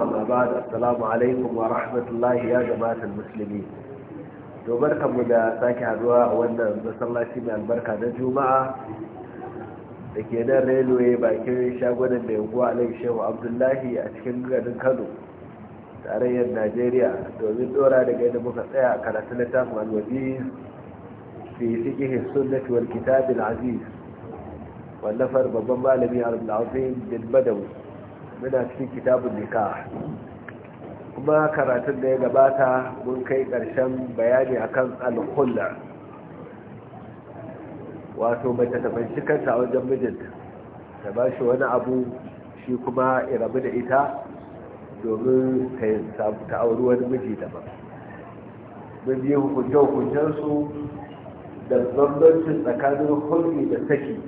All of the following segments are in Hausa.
amma ba da assalamu alaikum wa rahmatullahi ya gabatar musulmi to barkanmu da sake haduwa a wannan masallaci mai albarka na juma'a da ke nan railway bakin shagunan mai unguwa alai shehu abdullahi a cikin garin kano tarayyar najeriya domin dora daga yadda muka tsaya a karatun littafin alwazi fi fikihin sunnati wal kitabin aziz wallafar babban malami abdul azim bin badawi muna cikin kitabun nika kuma karatun da ya gabata mun kai ƙarshen bayani akan alhulla wato mai tattabanci kanta a wajen mijinta ta ba shi wani abu shi kuma irabu da ita domin ta auri wani miji daban mun yi hukunce-hukuncensu da bambancin tsakanin hulɗi da saki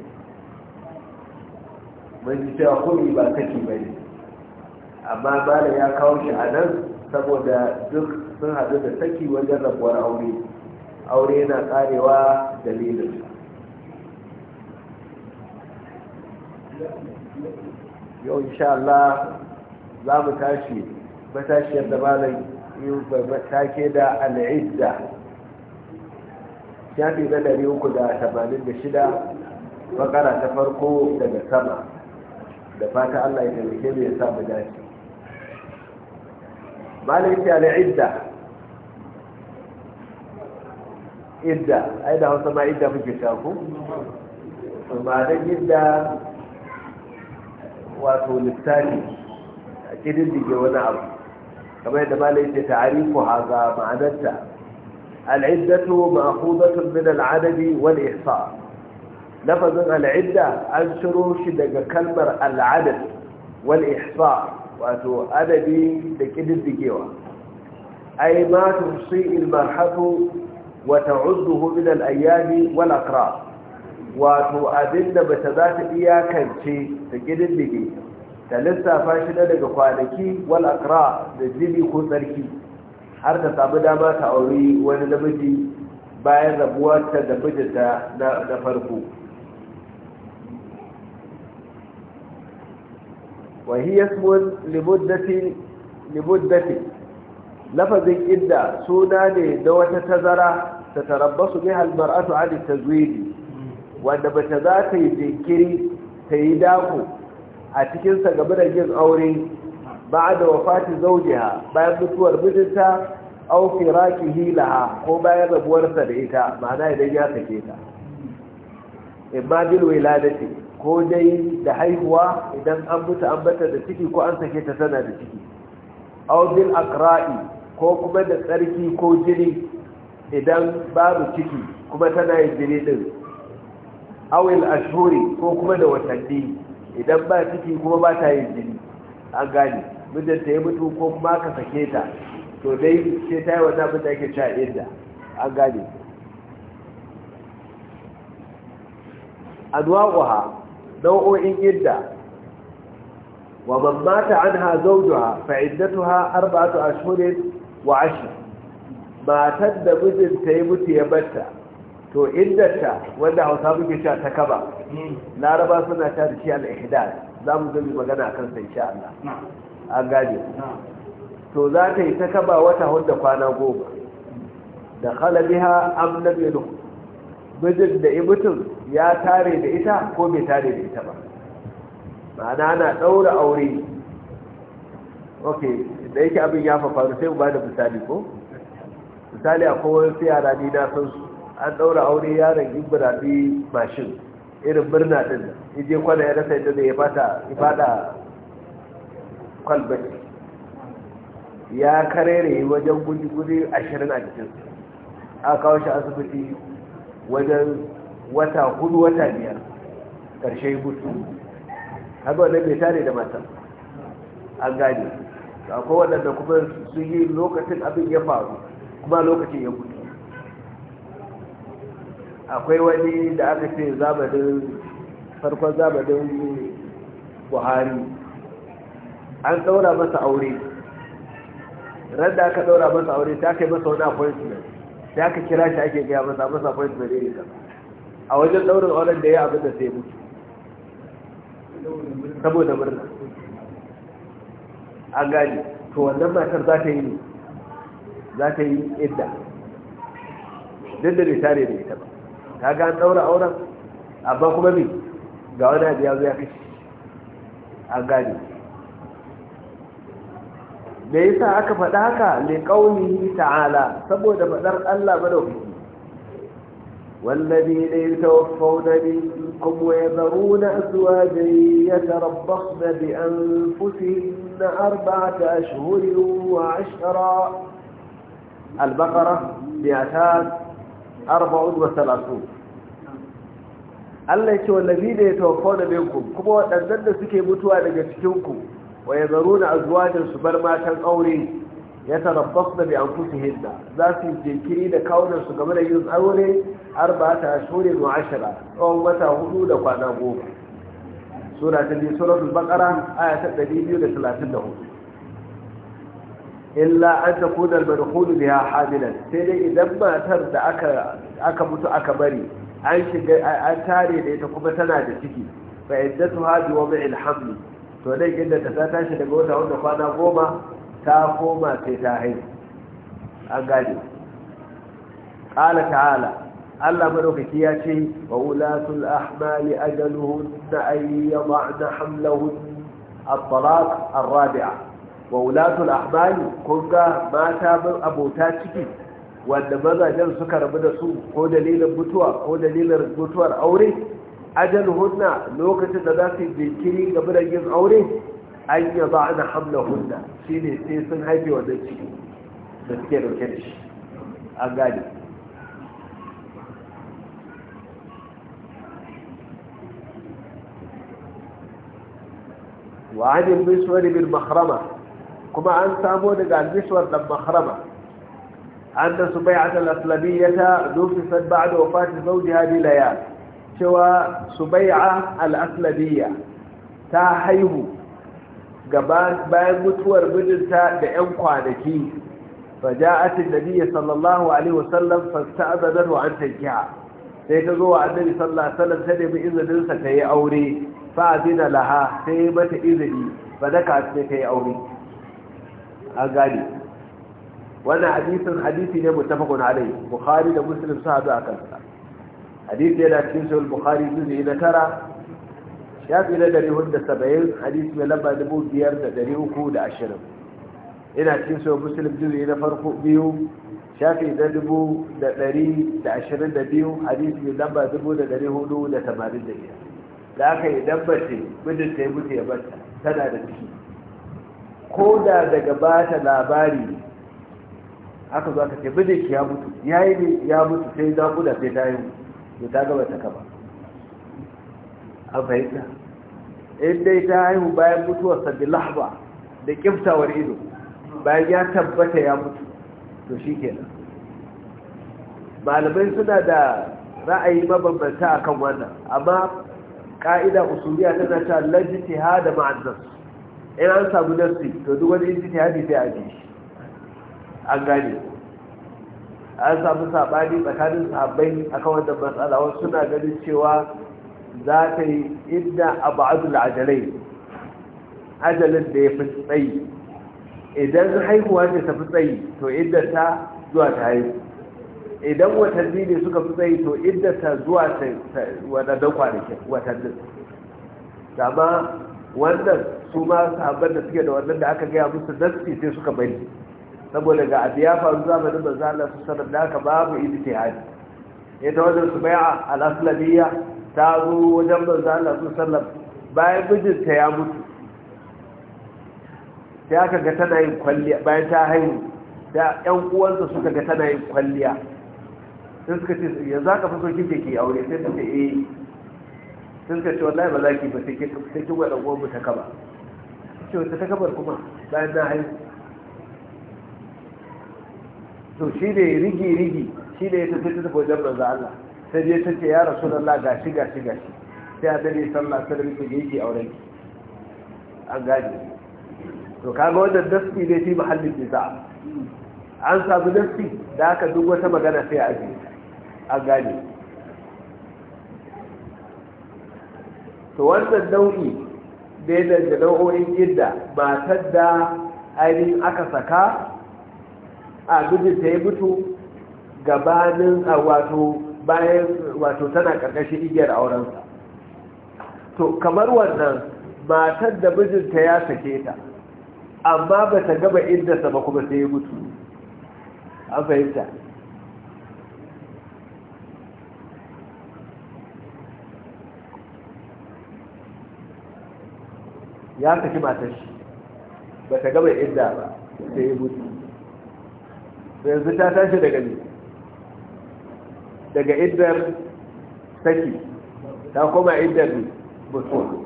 mun ji cewa kumi ba take ba ne amma malam ya kawo shi a nan saboda duk sun haɗu da saki wajen rabuwar aure aure yana karewa dalilin yau insha Allah za mu tashi matashiyar da ta take da al'idda shafi na 386 bakara ta farko daga sama da fata Allah ya taimake mu ya sa mu dace malai ce al'idda idda ai da hausa ma idda muke shafu ba da idda wato littafi a dige wani abu kamar yadda malai ce ta'arifu haza ma'anarta al'iddatu ma'khuzatun min al'adadi wal ihsan lafazin al'idda an shiro shi daga kalmar al'adar wal wato adadi da kididdigewa ay ma tusi sun marhatu wa ta'udduhu min ayyami walakra wato abinda bata za ta iyakance da ƙididdige ta lissafa shi daga kwanaki wal da jini ko tsarki har ta samu dama ta auri wani namiji bayan rabuwarta da mijinta na farko وهي اسم لمدة لمدة لفظ إدى سودان دوة تزرى تتربص بها المرأة عن التزويد وأن بتذات يذكري تيداكو أتكين قبل الجزء أوري بعد وفاة زوجها بعد متور بدتا أو فراكه لها وبعد بورثة لإتا معناه إذا جاء سكيتا إما بالولادة ko dai da haihuwa idan an mutu an bata da ciki ko an sake ta tana da ciki aw bil aqra'i ko kuma da tsarki ko jini idan babu ciki kuma tana yin jini din awil ashuri ko kuma da watanni idan ba ciki kuma ba ta yin jini an gane mijinta ya mutu ko kuma ka sake ta to dai ce ta yi wata abin da ake cewa inda an gane adwa'uha nau'o'in idda wa man mata anha zawjuha fa iddatuha arba'atu ashhurin wa ashr matar da mijinta ya mutu ya batta to iddata wanda hausa muke sha ta kaba laraba suna sha shi al-ihdad za mu zami magana a kansa insha Allah an gaje. to za ta yi ta kaba wata hudda kwana goma da khalabiha am lam yadkhul mijin da mutum ya tare da ita ko bai tare da ita ba ma'ana ana ɗaura aure ok da yake abin ya faru sai ba da misali ko misali a wani yara ni na san su an ɗaura aure yaron yin birane mashin irin birna ɗin ije kwana ya rasa yadda ya ifada kwalbaki ya karere wajen guji-guji ashirin a cikin a kawo shi asibiti wajen wata hudu wata biyar karshe gutu haɗu wadda bai tare da matan an gane akwai waɗanda kuma su yi lokacin abin ya faru kuma lokacin ya gutu akwai wani da aka ce zamanin farkon zamanin buhari an tsaura masa aure Randa aka tsaura masa aure ta kai masa wani appointment sai aka kira shi ake gaya masa masa appointment ne kaza a wajen daurin auren da ya abin da sai mutu saboda murna an gani to wannan matar za ta yi ne za ta yi idda duk da bai tare da ita ba ta ga an daura auren abba kuma ne ga wani abu ya zo ya kashe an gani da yasa aka faɗa haka li qaulihi ta'ala saboda fadar Allah yatawaffawna minkum wa والذين azwajan yatarabbasna bi anfusihim arba'ata بأنفسهن wa أشهر al-baqara bi أربع 34 Allah ya ce wallazi da ya tawaffona minkum kuma wadannan da suke mutuwa daga cikin ku wa na azwajan su bar matan aure ya tarabbasna bi anfusihinna za su jinkiri da kawunan su game da yin aure arba'ata ashhurin wa ashara tsawon wata hudu da kwana goma sura ta biyu suratul baqara aya ta 234 illa an sai dai idan matar da aka mutu aka bari an shiga tare da ita kuma tana da ciki fa iddatuha bi to nan inda ta tashi daga wata wanda kwana goma ta koma sai ta haihu an gane ƙala ta'ala Allah madaukaki ya ce wa ulatul ahmali ajaluhunna ay yad'na hamlahun at-talaq ar-rabi'a wa ulatul ahmali kun ga mata bin abota ciki wanda mazajen suka rabu da su ko dalilin mutuwa ko dalilin mutuwar aure Ajal hunna lokacin da za su yi jinkiri ga yin aure an yi ba ana hunna shi ne sai sun haife zai ciki da suke dauke da shi an gane wa an bishwar bin mahrama kuma an samo daga bishwar dan mahrama أن سبيعة الأسلمية نفست بعد وفاة زوجها layar cewa subai'a al-aslabiyya ta haihu bayan mutuwar mijinta da 'yan kwanaki فجاءت sallallahu alaihi الله عليه وسلم فاستأذنه أن تنكحه sai ta zo wa annabi sallallahu alaihi ta nemi izininsa sa ta yi aure fa azina laha sai mata izini ba fa daka sai ta yi aure A gane wannan hadisin hadisi ne muttafaqun alaihi bukhari da muslim sun hadu akan hadisi yana cikin shawar bukhari zuzi na tara shafi na dari hudu saba'in hadisi mai lamba dubu biyar da dari uku da ashirin yana cikin shawar muslim zuzi na farko biyu shafi na dubu da dari da ashirin da biyu hadisi mai lamba dubu da dari hudu da tamanin da biyar da aka yi dabbace mijinta ya mutu ya bata tana da ciki ko da daga ba ta labari aka zo aka ce mijinki ya mutu ya yi ya mutu sai za ku da sai ta yi mutu to ta gaba ta kaba an fahimta in dai ta haihu bayan mutuwar sabbi lahba da kiftawar ido bayan ya tabbata ya mutu to shi kenan malamai suna da ra'ayi mabambanta a kan wannan amma ka'ida usuliya tana lajiti ha da ma'azzas in an samu nasi to duk wani ijtihadi sai a ajiye. an gane an samu saɓani tsakanin sahabbai akan wannan matsala wasu suna ganin cewa za ta yi inda abu adul ajalai ajalin da ya fi tsayi idan haihuwa ne ta fi tsayi to inda ta zuwa ta haihu idan watanni ne suka fi tsayi to inda ta zuwa ta wadannan kwanakin watannin dama wannan su ma sahabban da suke da wannan da aka gaya musu nassi sai suka bari saboda ga abu ya faru zamanin za a lafi sanar da aka babu ya ta wajen su al-aslamiyya ta zo wajen za a lafi sanar bayan mijinta ya mutu ya aka ga tana yin kwalliya bayan ta haihu da 'yan uwansa suka ga tana yin kwalliya Sun suka ce su yanzu aka faso kike ke aure sai ta ce eh sun suka ce wallahi ba za ki ba sai kin sai ki gwada ta kaba ce ta kabar kuma bayan na haihu to shi da ya rigi rigi shi da ya tafi ta tafi wajen raza Allah sai ta ya da Allah ga gashi gashi gashi sai a sallah sai alaihi rufe da yake auren an gaji to kaga wajen daski ne shi mahallin nisa an samu daski da aka duk wata magana sai a an gane to wannan nau'i yadda da nau'o'in yadda matar da ainihin aka saka a mijinta ya mutu gabanin a wato bayan wato tana ƙarƙashin igiyar aurensa to kamar wannan matar da mijinta ya sake ta amma ba ta gaba inda ba kuma sai yi mutu an fahimta ya saki matashi shi ba ta gaba inda ba sai yi mutu yanzu ta tashi daga ne daga iddar saki ta kuma iddar busu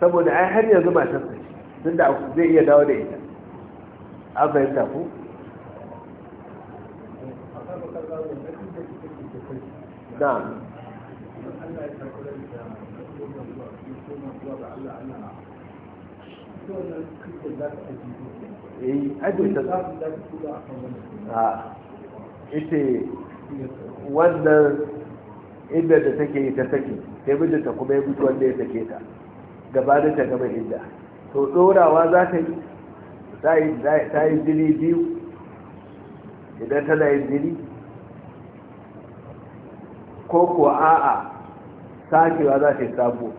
saboda ai har yanzu saki, tun da zai iya dawo da ita an fahimta ku na'am eh ita wannan idda da take yi ta saki sai mijinta kuma ya mutu wanda ya sake ta da ta gama inda. to dorawa za ta yi ta yi jini biyu idan tana yin jini ko kuwa a'a sakewa za ta yi sabo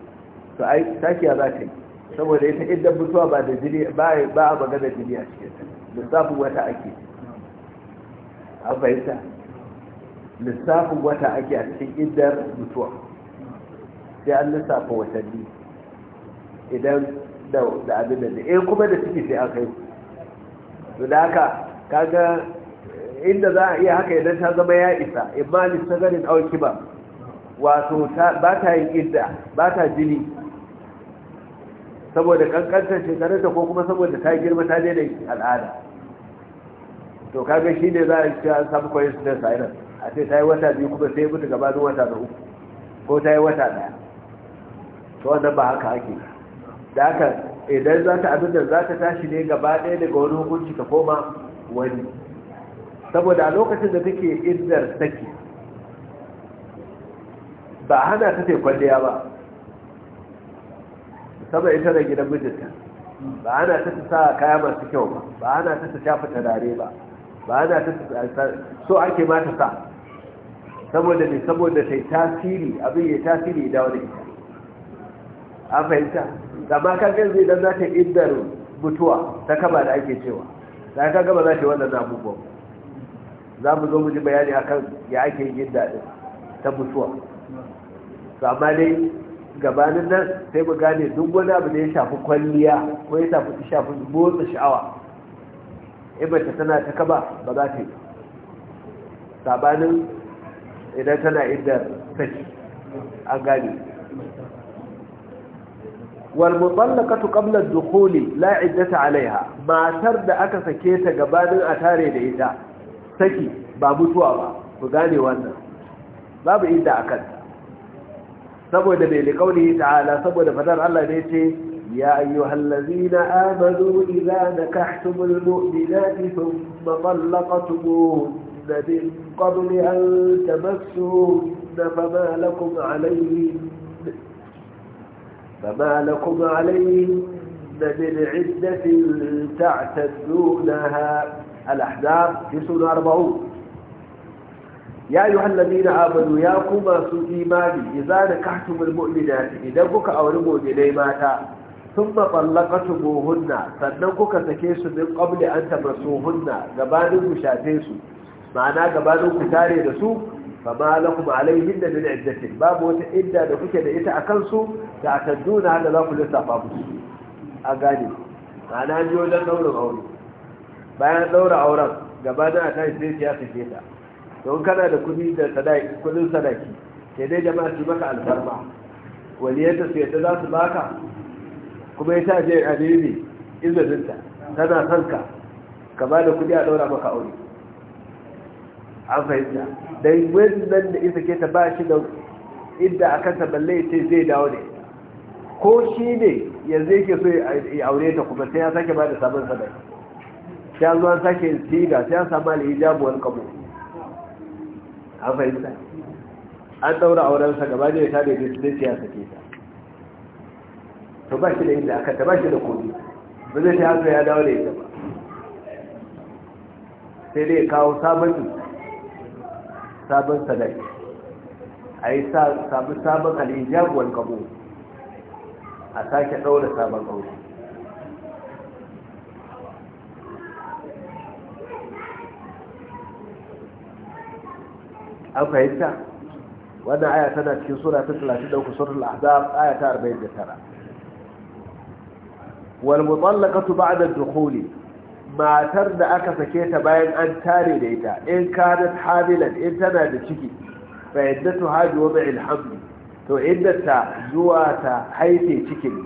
sakewa za ta yi saboda ita idan mutuwa ba da jiri ba a magana jiri a cikin lissafin wata ake an fahimta lissafin wata ake a cikin idan mutuwa sai an lissafa watanni idan da abin da eh kuma da ciki sai aka yi to da haka kaga inda za a iya haka idan ta zama ya isa imma sagarin auki ba wato ba ta yin idda ba ta jini saboda kankantar shekarunta ko kuma saboda ta girma ta daina al'ada to kaga shi ne za a ci an samu coincidence a irin a ce ta yi wata biyu kuma sai mutu gabanin wata da uku ko ta yi wata daya to wannan ba haka ake da haka idan za ta abin da za ta tashi ne gaba ɗaya daga wani hukunci ta koma wani saboda a lokacin da take iddar saki ba hana ta tekwalliya ba saba ita da gidan mijinta ba ana ta sa kaya masu kyau ba ba ana ta ta shafa tarare ba ba ana ta so ake ma ta sa saboda ne saboda ta tasiri abin ya tasiri da wani ita an fahimta amma kan zai idan za ta iddar mutuwa ta kaba da ake cewa da ka gaba za ta wannan abubuwan za mu zo mu ji bayani akan ya ake yin daɗin ta mutuwa amma dai gabanin nan sai mu gane duk wani abu da ya shafi kwalliya ko ya shafi shafi motsa sha'awa in mace tana ta kaba ba za ta yi sabanin idan tana inda sashi an gane wal mutallaqatu qabla ad-dukhul la iddata 'alayha matar da aka sake ta gabanin a tare da ita saki ba mutuwa ba ku gane wannan babu inda akan ta saboda bai liƙauli ta'ala saboda fadar Allah ne ce ya ayyuhal ladina amanu idza nakahtumul mu'minati thumma طلقتموهن من قبل an تمسوهن فما لكم عليهن فما لكم عليهن من عدة تعتدونها الأحزاب في سنة أربعون ya yi hallabi na abadu ya ku masu imani ya za da kahtumul mu'mina idan kuka auri mu'minai mata sun maɓallakatu buhunna sannan kuka sake su min ƙwamli an taɓa hunna gabanin ku shafe su ma'ana gabanin ku tare da su ba ma lakum alaihin da min babu wata idda da kuke da ita a kansu da a tadduna da za ku lissafa musu a gane ma'ana ji wajen aure bayan ɗaura auren gabanin a tashi sai ta don kana da kudi da sadaki kudin sadaki sai dai jama'a su maka alfarma waliyanta su yadda za su baka kuma ya ta je a nemi izininta tana son ka ba da kudi a daura maka aure an fahimta dan wannan da isa ke ta ba shi da inda a kansa balle ce zai dawo ne ko shi ne yanzu yake so ya aure ta kuma sai ya sake ba da sabon sadaki sai an zuwa sake siga sai an samu alhijabu wani kabo an fahimta an daura aurensa gaba ne ta da su sai ya sake ta to ba shi da inda aka ta ba shi da kodi ba zai ta haka ya dawo da ita ba sai dai kawo sabon sabon sadai a yi sabon alijiyar wani kabo a sake daura sabon aure an fahimta wannan aya tana cikin sura ta 33 suratul ahzab aya ta 49 wal mutallaqatu ba'da ad-dukhuli matar da aka sake ta bayan an tare da ita in kanat hamilan in tana da ciki fa iddatu hadi wad'il haml to iddata zuwa ta haife cikin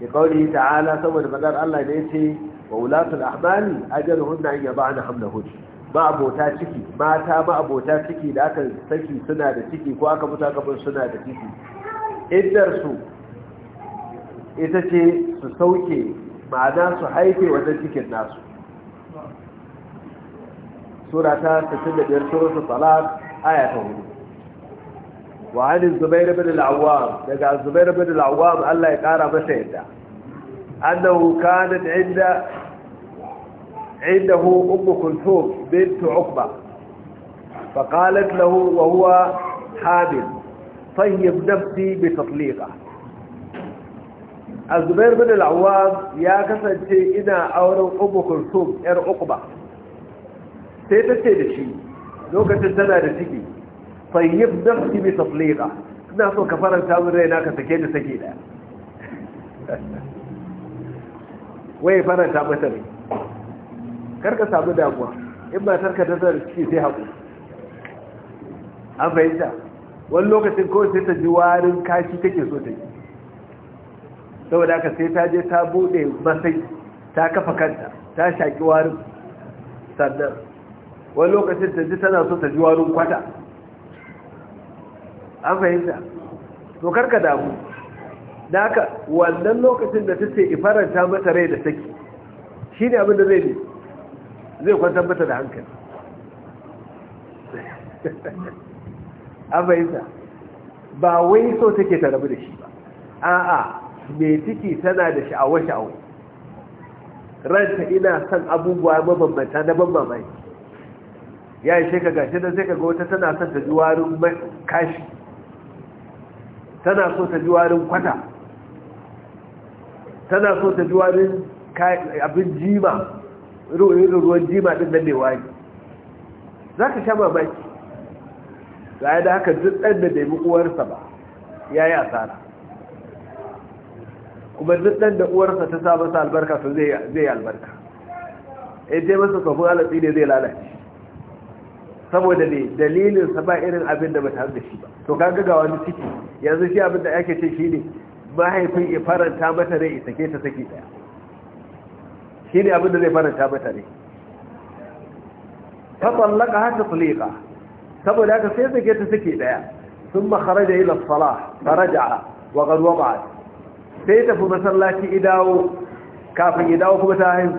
ya kauli ta'ala saboda madar Allah ne yace wa ulatul ahmali ajaluhunna an yad'ana hamlahunna ma'abota ciki mata ma'abota ciki da aka saki suna da ciki ko aka mutu aka bar suna da ciki iddarsu ita ce su sauke ma'ana su haife wajen cikin nasu Surata ta 65 suratul talaq aya ta 4 وعن الزبير بن العوام لقى الزبير Allah ya الله masa yadda. أنه كانت inda. عنده أم كلثوم بنت عقبة فقالت له وهو حامل طيب نفسي بتطليقه الزبير بن العوام يا كسنتي إنا أورو أم كلثوم إر عقبة سيتتي لشي لوكة سنة لتكي طيب نفسي بتطليقه ina so ka faranta min raina ka sake ni sake da wai faranta mata ne kar ka samu damuwa in ba tarka ta zara ciki sai haku an fahimta wani lokacin kawai sai ta ji warin kashi take so ta yi saboda haka sai ta je ta bude masai ta kafa kanta ta shaki warin sannan wani lokacin ta ji tana so ta ji warin kwata an fahimta to karka damu da haka wannan lokacin da ta ce ifaranta mata rai da saki shi ne abin da zai ne zai kwantar mata da hankali an sa. ba wai so take ta rabu da shi ba a'a mai ciki tana da sha'awa-sha'awa ranta ina son abubuwa mabambanta na ban mamaki ya yi sheka gashi da sai kaga wata tana son ta ji warin kashi tana so ta ji warin kwata tana so ta ji warin abin jima ruwan jima ɗin nan ne wani za ka sha mamaki yi da haka duk ɗan da bai uwarsa ba ya yi asara kuma duk ɗan da uwarsa ta sa masa albarka su zai yi albarka in je masa kafin alatsi ne zai lalace saboda ne dalilin sa ba irin abin da ba da shi ba to ka ga wani ciki yanzu shi abin da ake ce shi ne mahaifin ya faranta mata rai sake ta saki daya shi ne abinda zai faranta mata ne ta tsallaka hata tsulika saboda haka sai suke ta suke daya sun yi ila tsala faraja wa garuwa ba sai tafi masallaci idawo kafin idawo kuma ta haihu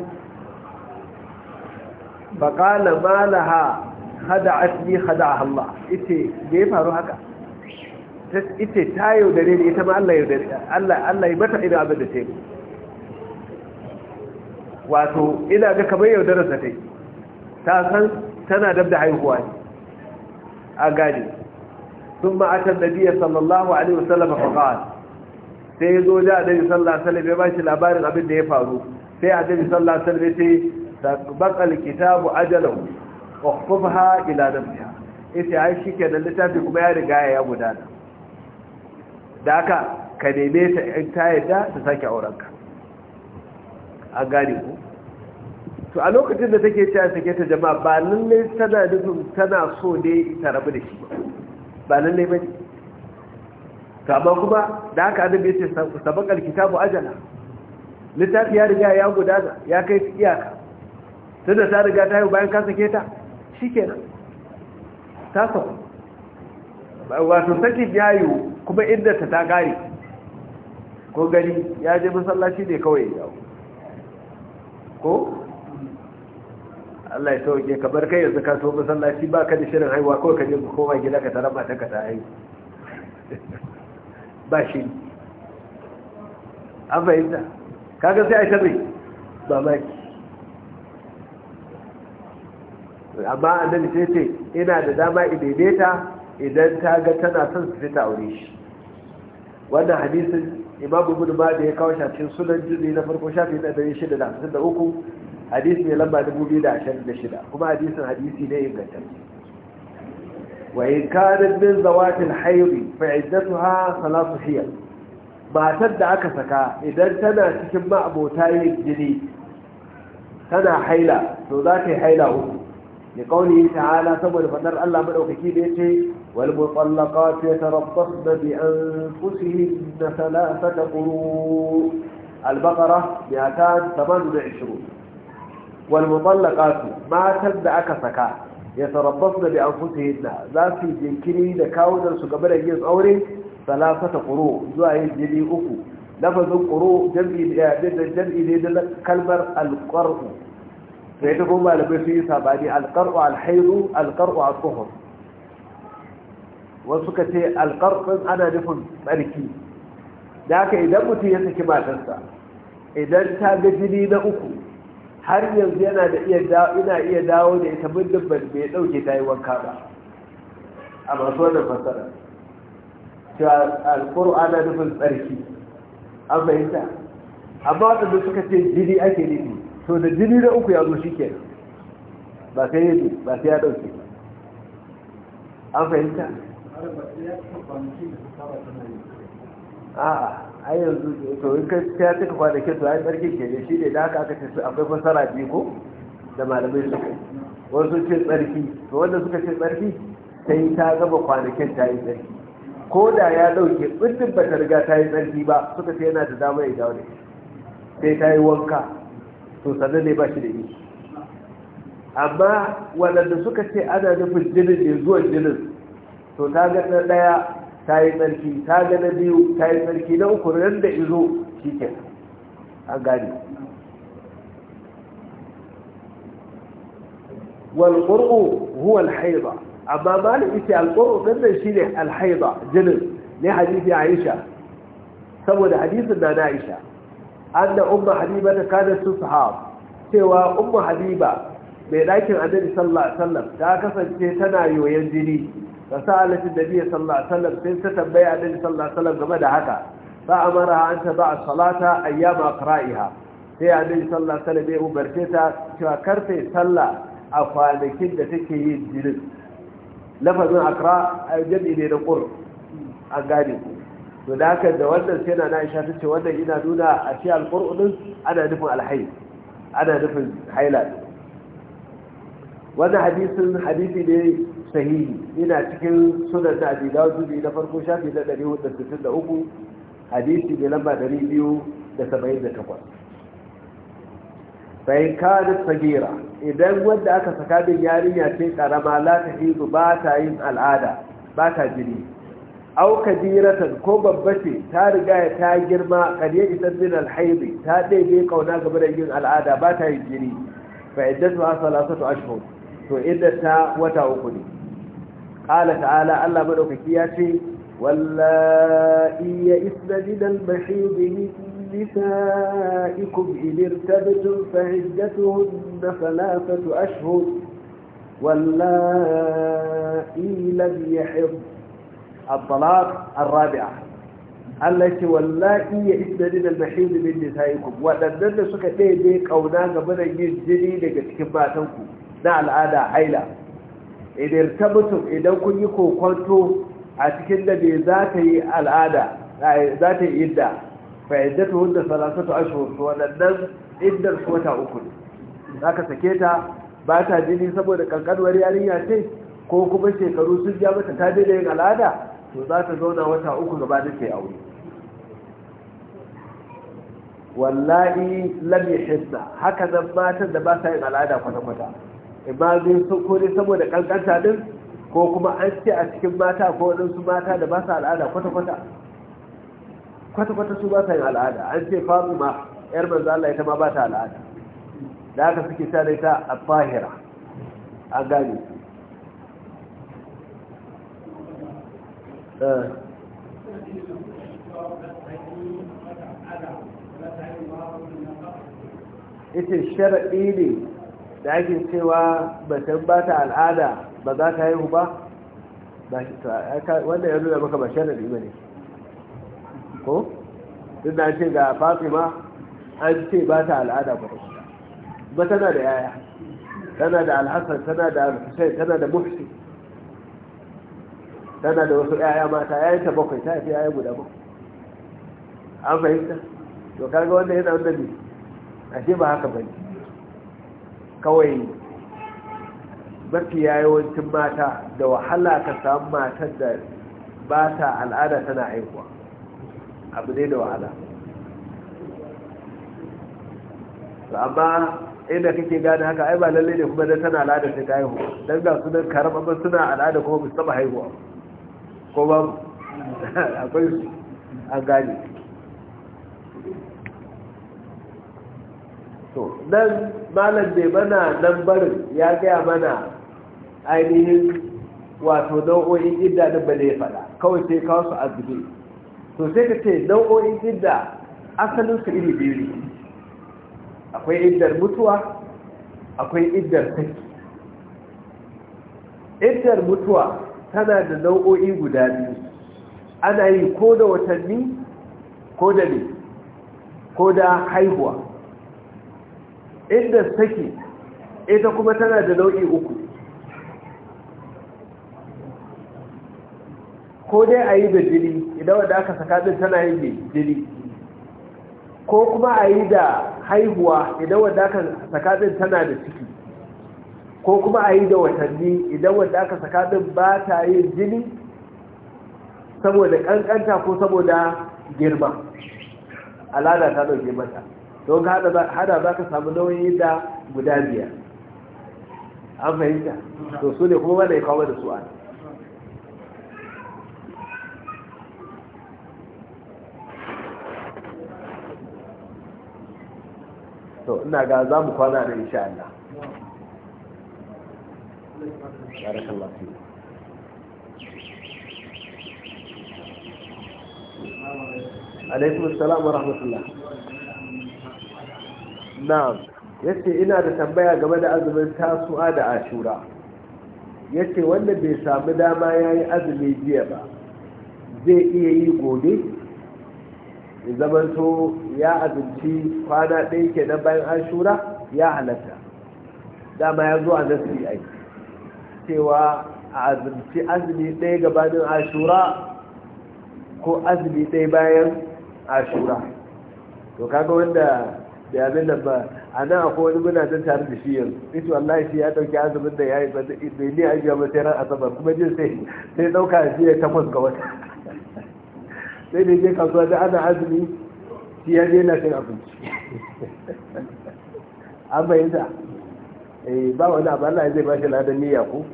faƙala malaha hada asini hada Allah ita da ya faru haka ita ta yaudare ne ita ma Allah yaudare ya mata idan abin da ta yi wato ina ga kamar yaudararsa ta yi ta san tana dab da haihuwa ne a gani sun ma'atar da biya sallallahu alaihi wasallam a faƙa'ar sai ya zo da adari sallallahu alaihi ya ba shi labarin abin da ya faru sai adari sallallahu alaihi sai ta bakal kitabu ajalahu ƙwaƙwafha ila nafsiha ita ai shi da nan littafi kuma ya riga ya gudana da haka ka neme ta in ta yadda ta sake aurenka a gane ku to a lokacin da take a sake ta jama'a ba lallai tana nufin tana so ne ta rabu da shi ba lallai ba ne kama kuma da haka annabi ya ce sabakar kitabu ajala littafi ya riga ya gudana ya kai iyaka da ta riga ta yi bayan ka sake ta shi ke nan ta sauka wato sakin ya yi kuma inda ta ta gari ko gari ya je masallaci ne kawai ya yi ko Allah ya sauke ka bar kai yanzu ka so masallaci ba ka da shirin haihuwa kawai ka je ku koma gida ka tara mata ka ta haihu ba shi an fahimta kaga sai a shirri ba maki amma annabi sai ce ina da dama idaidaita idan ta ga tana son su fita aure shi wannan hadisin imam ibn da ya kawo shafin sunan juzi na farko shafi na dari shida da hamsin da uku hadisi mai lamba dubu biyu da ashirin da shida kuma hadisin hadisi ne ingantacce wa in kanat min zawatin hairi fa iddatuha salatu hiyar matar da aka saka idan tana cikin ma'abota yin jini tana haila to za ta yi haila uku da kauli ta'ala saboda fadar Allah madaukaki da ce? والمطلقات يتربصن بأنفسهن ثلاثة قروء البقرة 228 والمطلقات ما تبدأك سكاء يتربصن بأنفسهن ذات جنكري لكاونا سكبر يجيز أوري ثلاثة قروء زوائي جدي أكو لفظ القروء جمعي لدل كلمة القرء فإنكم ما لبسي سابعني القرء الحيض القرء على الطهر wasu ka ce alƙarfin ana nufin tsarki da haka idan mutum ya saki matarsa idan ta ga jini na uku har yanzu yana da iya ina iya dawo da ita muddin ban bai ɗauke ta yi wanka ba a masu wannan fasara cewa alƙuru ana nufin tsarki an fahimta amma waɗanda suka ce jini ake nufi to da jini na uku ya zo shi kenan ba sai ya ba sai ya ɗauke an fahimta a'a ai yanzu to in ka ta cika kwanakin to a tsarki ke ne shi ne da haka aka ce su akwai fasara biyu ko da malamai suka wasu ce tsarki to wanda suka ce tsarki ta yi ta gaba kwanakin ta yi tsarki ko da ya ɗauke tsindin ba ta riga ta yi tsarki ba suka ce yana da dama ya dawo ne sai ta yi wanka to sannan ne ba shi da yi amma waɗanda suka ce ana nufin jinin ne zuwan jinin to ta ga ɗaya ta yi tsarki ta ga na biyu ta yi tsarki na uku nan da izo shi ke a gani walƙur'u huwa alhaiba amma ma ita alƙur'u ɗannan shi ne alhaiba jinin ne hadisi aisha saboda hadisin na na aisha an da umma habiba ta kada su su cewa umma habiba mai ɗakin annabi sallallahu alaihi ta kasance tana yoyon jini ta sa'alati nabi sallallahu alaihi wasallam sai ta tambaya nabi sallallahu alaihi game da haka fa amara an taba salata ayyama qira'iha sai nabi sallallahu alaihi wasallam ya umarce ta cewa karfe sallah a kwanakin da take yin jirin lafazin akra a jami ne da kur a gane to da haka da wannan sai na aisha ta ce wannan idanuna, nuna a ce alƙur'unin ana nufin alhai ana nufin hailan wannan hadisin hadisi ne sahihi ina cikin sunan da abi dawud na farko shafi na 463 hadisi da lamba 278 bayan kanat sagira idan wanda aka saka min yarinya ce karama la ta hizu ba ta yin al'ada ba ta jini au kabiratan ko babba ce ta riga ta girma kariya isar min alhaidi ta daidai kauna gaba da yin al'ada ba ta yin jini fa idan ha salasatu ashhur to iddata wata uku ne قال تعالى الله بدو كياتي ولا يئسن جدا من نسائكم إن ارتبتم فعدتهن ثلاثة أشهر ولا لم يحض الطلاق الرابعة التي ولا يئسن جدا بحيض من نسائكم ولن سكتين بيك أو ناقة بدأ يجري لك كباتكم نعل هذا عيلة idan mutum idan kun yi kokonto a cikin da bai za ta yi al'ada za ta yi idda fa idda ta hudda salasatu ashur to wadannan iddar su wata uku ne zaka sake ta ba ta jini saboda kankanwar yarinya ce ko kuma shekaru sun ja mata ta daina yin al'ada to za ta zauna wata uku gaba da ta aure wallahi lam yahissa haka nan matan da ba sa yin al'ada kwata-kwata ibadun sun kone saboda kankanta din ko kuma an ce a cikin mata ko waɗansu mata da ba su al'ada kwata-kwata kwata-kwata su ba su yin al'ada an ce famu ma yar manzo Allah ita ma ba ta al'ada da haka suke sa ta a fahira a gane eh. ita sharaɗi ne da ake cewa batan ba ta al'ada ba za ta haihu ba wanda ya nuna maka ba da ba ne ko duk da ce ga fatima an ce ba ta al'ada ba ba tana da yaya tana da alhassan tana da alhussein tana da mufti tana da wasu yaya mata yayin ta bakwai ta fi yaya guda ba an fahimta to kaga wanda yana wanda ne ce ba haka bane kawai mafiya yawancin mata da wahala ka samu matar da ba ta al'ada tana haihuwa abu ne da wahala amma inda kake gane haka ai ba lalle ne kuma dan tana al'ada sai ta haihuwa? don ga su nan karama ba suna al'ada kuma ba taba haihuwa ko ba akwai an gane nan malam mai mana nan barin ya gaya mana ainihin wato nau'o'in idda da ba ne faɗa kawai sai kawo su zube to sai ka ce nau'o'in idda asalin su iri biyu ne akwai iddar mutuwa akwai iddar saki iddar mutuwa tana da nau'o'i guda biyu ana yi ko da watanni ko da ne ko da haihuwa inda take ita kuma tana da nau'i uku ko dai a yi da jini idan wanda aka saka din tana yin jini ko kuma a yi da haihuwa idan wanda aka saka din tana da ciki ko kuma a yi da watanni idan wanda aka saka din ba ta yin jini saboda kankanta ko saboda girma alada ta dauke mata don hada za ka samu nauyi da guda biyar an fahimta to su ne kuma wanda ya kawo da su an to ina ga za mu kwana da insha Allah عليكم السلام ورحمة الله wa na'am yace ina da tambaya game da azumin tasu'a da ashura yace wanda bai samu dama yayi azumi jiya ba zai iya yi gobe zamanto ya azumci kwana ɗaya ke na bayan ashura ya halatta dama ya zo a nasiri ai cewa a azumci azumi ɗaya gabanin ashura ko azumi ɗaya bayan ashura to kaga wanda da abin da ba a nan akwai wani muna zan tare da shi yanzu ita wallahi shi ya dauki azumin da ya yi bada ne ne a jiya sai ran asabar kuma jin sai sai dauka shi ya takwas ga wata sai da je kasuwa da ana azumi shi ya je na sai abinci an bayyana eh ba wani abu Allah zai ba shi ladan niyya ko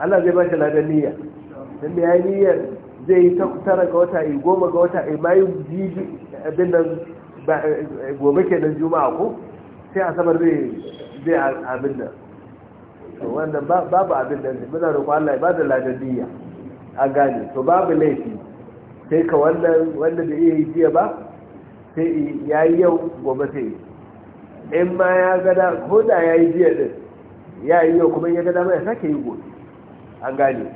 Allah zai ba shi ladan niyya dan da ya yi niyyar zai yi ta tara ga wata yi goma ga wata yi mayu jiji abin nan gobe nan juma'a ko sai asabar zai zai abin nan to wannan babu abin nan muna roƙo Allah ya bada ladadiyya a gane to babu laifi sai ka wannan wanda da iya yi jiya ba sai ya yi yau gobe sai in ma ya gada ko da ya yi jiya din ya yi yau kuma ya gada mai sake yi gobe an gane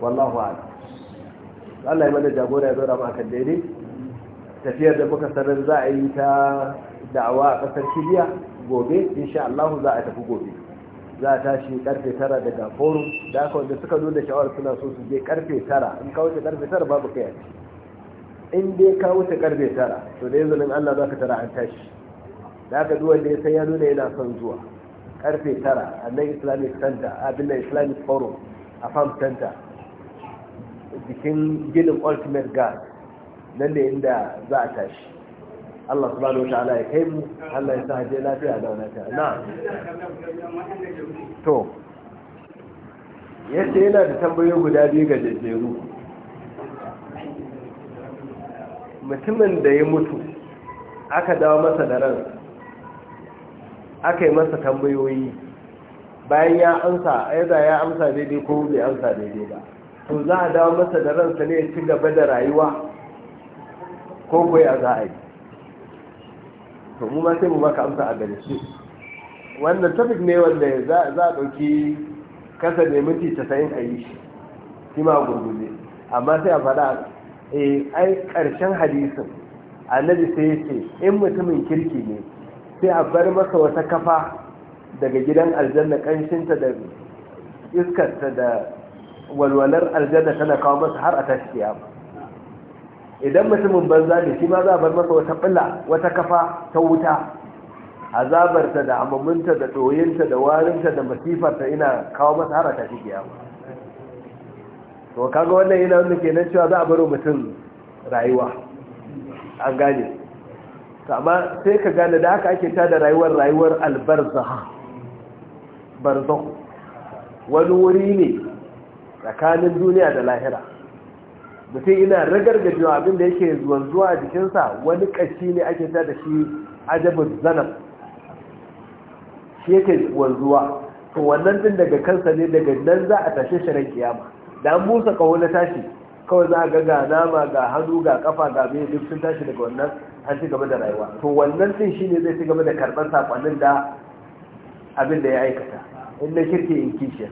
wallahu a'lam Allah ya mana jagora ya zo da mu daidai tafiyar da muka sanar za a yi ta da'awa a ƙasar kiliya gobe insha Allah za a tafi gobe za a tashi karfe tara daga forum da aka wanda suka nuna sha'awar suna so su je karfe tara in ka wuce karfe tara babu kai in dai ka wuce karfe tara to da yanzu nan Allah za ka tara an tashi da aka duwa da ya san ya nuna yana son zuwa karfe tara a nan islamic center a nan islamic forum a farm center jikin ginin ultimate guard nan da inda za a tashi Allah subhanahu wataala ya kai mu Allah ya sa haje lafiya da wani ta na to yace yana da tambayoyi guda biyu ga jejeru mutumin da ya mutu aka dawo masa da ran aka yi masa tambayoyi bayan ya amsa ya ya amsa daidai ko bai amsa daidai ba to za a dawo masa da ransa ne ya ci gaba da rayuwa ko kuwa a za a yi to mu ma sai mu baka amsa a gani shi wannan topic ne wanda za a ɗauki kasa ne minti 90 a yi shi shi ma gurguje amma sai a faɗa eh ai ƙarshen hadisin annabi sai ya ce in mutumin kirki ne sai a bar masa wata kafa daga gidan aljanna ƙanshinta da iskarta da walwalar aljanna tana kawo masa har a tashi kiyama idan mutumin banza ne shi ma za a bar masa wata bula wata kafa ta wuta azabarta da amaminta da ɗoyinta da warinta da masifarta ina kawo masa harata shi kiyama to kaga wannan yana wanda ke nan cewa za a baro mutum rayuwa an gane amma sai ka gane da haka ake tada rayuwar rayuwar albarzaha barzahu wani wuri ne tsakanin duniya da lahira mutum ina ragargajewa abin da yake zuwa a jikinsa wani kashi ne ake ta da shi ajabin zanar shi yake wanzuwa to wannan din daga kansa ne daga nan za a tashe shirin kiyama da an busa kawo na tashi kawai za a ga ga nama ga hannu ga kafa ga mai duk sun tashi daga wannan an ci gaba da rayuwa to wannan din shi ne zai ci gaba da karɓar saƙonin da abin da ya aikata in na in kishiyar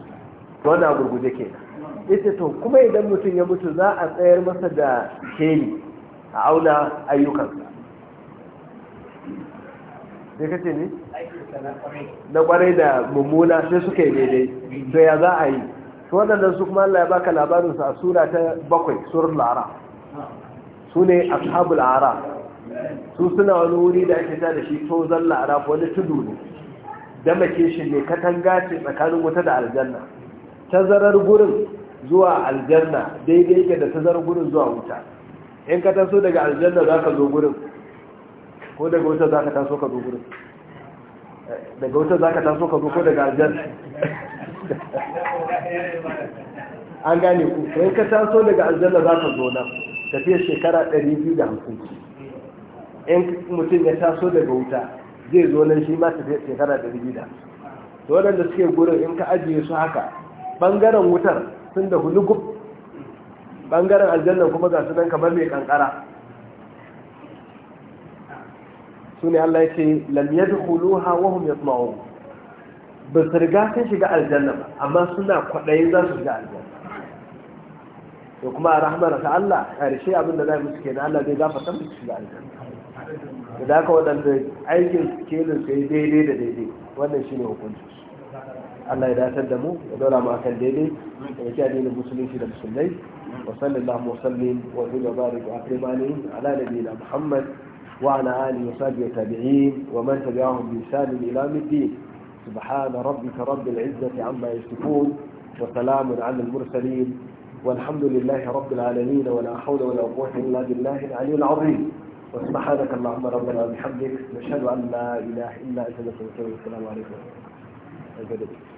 to wannan gurguje kenan ita to kuma idan mutum ya mutu za a tsayar masa da keli a auna ayyukansa ka kace ne na kwarai da mummuna sai suka yi daidai to ya za a yi su waɗannan su kuma Allah ya baka labarin su a sura ta bakwai surar lara. su ne sahabu lara. su suna wani wuri da ake ta da shi to zan lara wani tudu ne da ne katanga ce tsakanin wuta da aljanna Ta zarar gurin zuwa aljanna daidai ke da tazarar gurin zuwa wuta in ka taso daga aljanna za ka zo gurin ko daga wuta za ka taso ka zo gurin daga wuta za ka taso ka zo ko daga aljanna an gane ku in ka taso daga aljanna za ka zo nan tafiya shekara 250 in mutum ya taso daga wuta zai zo nan shi ma tafiya shekara 250 to waɗanda suke gurin in ka ajiye su haka ɓangaren wutar sun da hulugub ɓangaren aljannan kuma ga sunan kamar mai kankara su ne Allah ya ce lam yadkhuluha wa hum wa ba su riga sun shiga aljanna ba amma suna kwaɗayi za su shiga aljanna da kuma a rahmar ta Allah rishe abin da zai musu na Allah zai gafarta su shiga aljanna da haka waɗanda aikin kelin sai daidai da daidai wannan shi ne hukuncinsu الله إذا أتدموا ودولا ما أكلديني وجعلين المسلمين في نفس الليل وصل الله وسلم وذل وبارك وأكرمانين على نبينا محمد وعلى آله وصحبه التابعين ومن تبعهم بإحسان إلى الدين سبحان ربك رب العزة عما يشركون وسلام على المرسلين والحمد لله رب العالمين ولا حول ولا قوة إلا بالله العلي العظيم وسبحانك اللهم ربنا وبحمدك نشهد أن لا إله إلا أنت نستغفرك ونتوب إليك السلام عليكم أجدد.